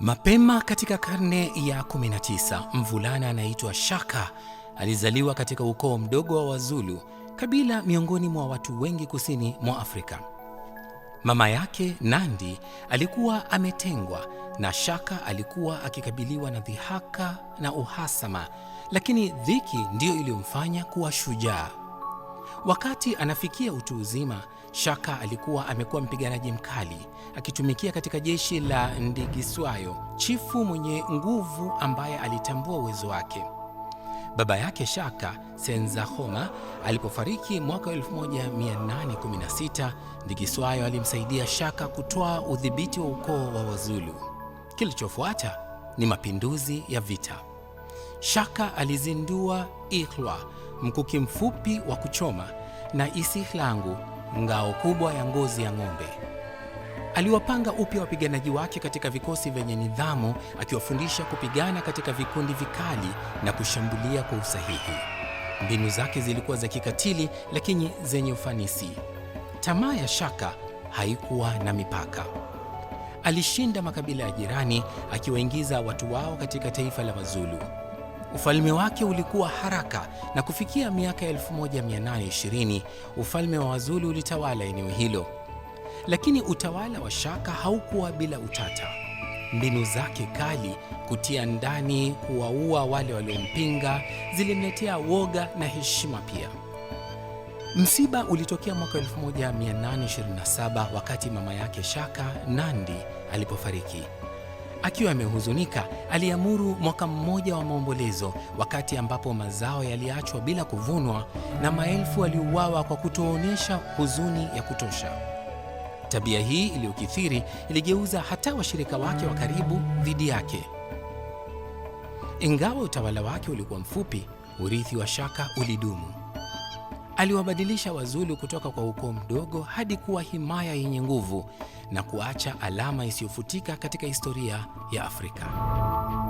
Mapema katika karne ya 19, mvulana anaitwa Shaka alizaliwa katika ukoo mdogo wa Wazulu, kabila miongoni mwa watu wengi kusini mwa Afrika. Mama yake Nandi alikuwa ametengwa na Shaka alikuwa akikabiliwa na dhihaka na uhasama, lakini dhiki ndiyo iliyomfanya kuwa shujaa. Wakati anafikia utu uzima, Shaka alikuwa amekuwa mpiganaji mkali akitumikia katika jeshi la Ndigiswayo, chifu mwenye nguvu ambaye alitambua uwezo wake. Baba yake Shaka Senzahoma alipofariki mwaka 1816, Ndigiswayo alimsaidia Shaka kutoa udhibiti wa ukoo wa Wazulu. Kilichofuata ni mapinduzi ya vita. Shaka alizindua Ilwa mkuki mfupi wa kuchoma na isihlangu, ngao kubwa ya ngozi ya ng'ombe. Aliwapanga upya wapiganaji wake katika vikosi vyenye nidhamu, akiwafundisha kupigana katika vikundi vikali na kushambulia kwa usahihi. Mbinu zake zilikuwa za kikatili, lakini zenye ufanisi. Tamaa ya shaka haikuwa na mipaka. Alishinda makabila ya jirani, akiwaingiza watu wao katika taifa la Wazulu. Ufalme wake ulikuwa haraka na kufikia miaka 1820 ufalme wa Wazulu ulitawala eneo hilo. Lakini utawala wa Shaka haukuwa bila utata. Mbinu zake kali, kutia ndani, kuwaua wale waliompinga, zilimletea woga na heshima pia. Msiba ulitokea mwaka 1827 wakati mama yake Shaka Nandi alipofariki. Akiwa amehuzunika, aliamuru mwaka mmoja wa maombolezo, wakati ambapo mazao yaliachwa bila kuvunwa na maelfu waliuawa kwa kutoonyesha huzuni ya kutosha. Tabia hii iliyokithiri iligeuza hata washirika wake wa karibu dhidi yake. Ingawa utawala wake ulikuwa mfupi, urithi wa Shaka ulidumu aliwabadilisha Wazulu kutoka kwa ukoo mdogo hadi kuwa himaya yenye nguvu na kuacha alama isiyofutika katika historia ya Afrika.